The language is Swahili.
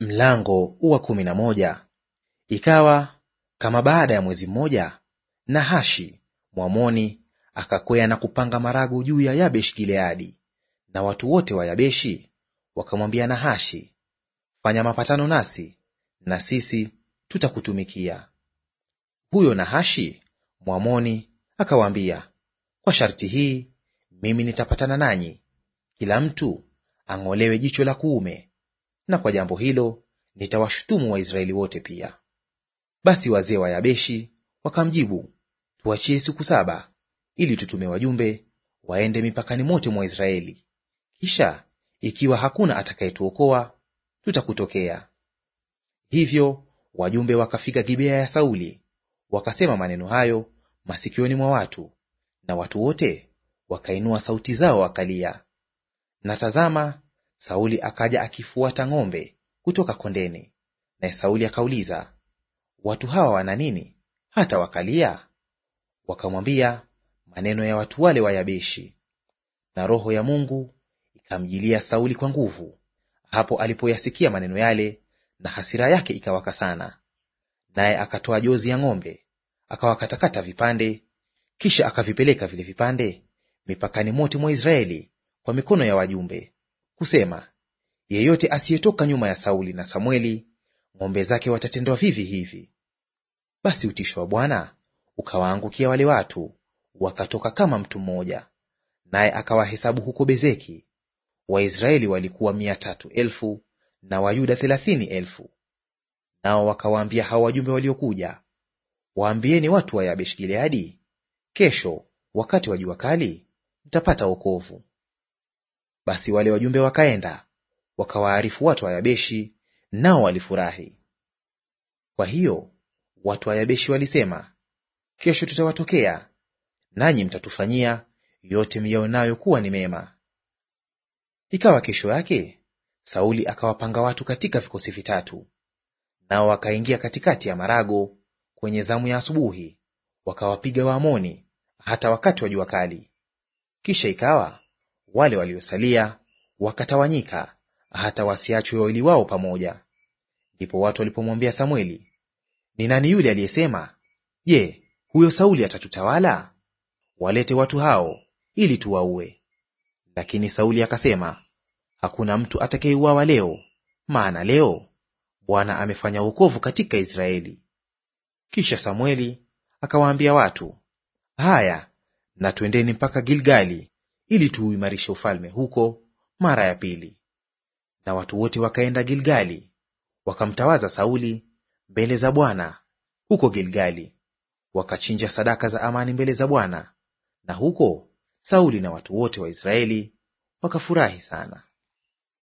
Mlango wa kumi na moja. Ikawa kama baada ya mwezi mmoja, Nahashi Mwamoni akakwea na kupanga marago juu ya Yabeshi Gileadi, na watu wote wa Yabeshi wakamwambia Nahashi, fanya mapatano nasi na sisi tutakutumikia. Huyo Nahashi Mwamoni akawaambia, kwa sharti hii mimi nitapatana nanyi, kila mtu ang'olewe jicho la kuume na kwa jambo hilo nitawashutumu Waisraeli wote pia. Basi wazee wa Yabeshi wakamjibu, tuachie siku saba ili tutume wajumbe waende mipakani mote mwa Israeli, kisha ikiwa hakuna atakayetuokoa tutakutokea. Hivyo wajumbe wakafika Gibea ya Sauli, wakasema maneno hayo masikioni mwa watu, na watu wote wakainua sauti zao wakalia. Na tazama, Sauli akaja akifuata ng'ombe kutoka kondeni, naye Sauli akauliza, watu hawa wana nini hata wakalia? Wakamwambia maneno ya watu wale wa Yabeshi. Na roho ya Mungu ikamjilia Sauli kwa nguvu hapo alipoyasikia maneno yale, na hasira yake ikawaka sana. Naye akatoa jozi ya ng'ombe akawakatakata vipande, kisha akavipeleka vile vipande mipakani mote mwa Israeli kwa mikono ya wajumbe kusema, yeyote asiyetoka nyuma ya Sauli na Samweli, ng'ombe zake watatendwa vivi hivi. Basi utisho wa Bwana ukawaangukia wale watu, wakatoka kama mtu mmoja, naye akawahesabu huko Bezeki. Waisraeli walikuwa mia tatu elfu na Wayuda thelathini elfu. Nao wakawaambia hawa wajumbe waliokuja, waambieni watu wa yabeshgileadi kesho wakati wa jua kali mtapata wokovu. Basi wale wajumbe wakaenda wakawaarifu watu wa Yabeshi, nao walifurahi. Kwa hiyo watu wa Yabeshi walisema, kesho tutawatokea, nanyi mtatufanyia yote myaonayo kuwa ni mema. Ikawa kesho yake Sauli akawapanga watu katika vikosi vitatu, nao wakaingia katikati ya marago kwenye zamu ya asubuhi, wakawapiga Waamoni hata wakati wa jua kali. Kisha ikawa wale waliosalia wakatawanyika hata wasiachwe wawili wao pamoja. Ndipo watu walipomwambia Samweli, ni nani yule aliyesema, Je, huyo Sauli atatutawala? Walete watu hao ili tuwaue. Lakini Sauli akasema, hakuna mtu atakayeuawa leo, maana leo Bwana amefanya wokovu katika Israeli. Kisha Samweli akawaambia watu, haya na twendeni mpaka Gilgali ili tuuimarishe ufalme huko mara ya pili. Na watu wote wakaenda Gilgali, wakamtawaza Sauli mbele za Bwana huko Gilgali, wakachinja sadaka za amani mbele za Bwana, na huko Sauli na watu wote wa Israeli wakafurahi sana.